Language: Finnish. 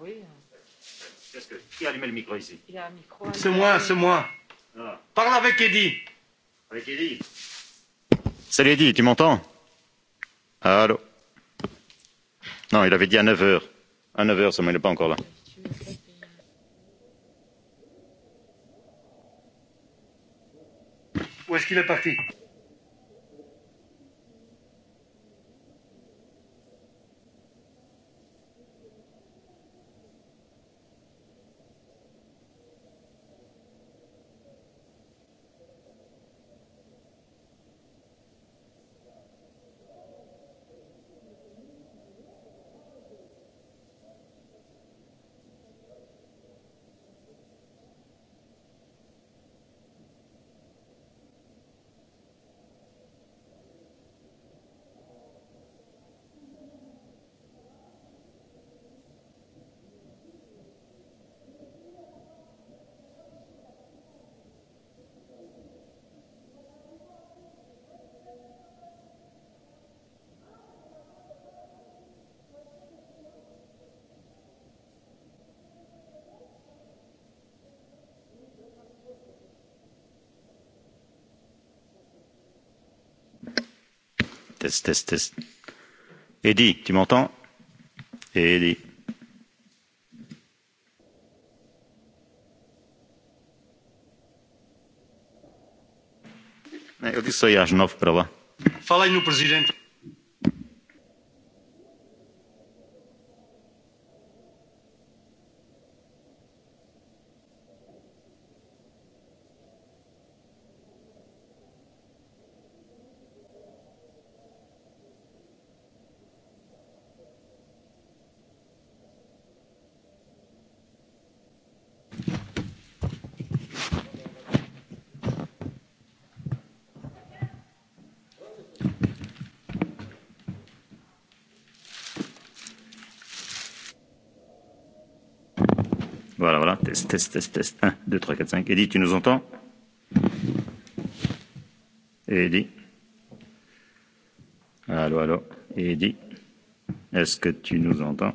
oui. Qu'est-ce que... Qui a allumé le micro ici Il y a un micro. C'est moi, c'est moi. Ah. Parle avec Eddie. Avec Eddie. Salut Eddie, tu m'entends Allô Non, il avait dit à 9h. À 9h, ça, mais il n'est pas encore là. Où est-ce qu'il est parti test, test, test. Eddy, tu m'entends Eddy. Eu disse aí às nove para lá. Fala aí no presidente. test, test, test, test. 1, 2, 3, 4, 5. Eddy, tu nous entends Eddy Allô, allô Eddy Est-ce que tu nous entends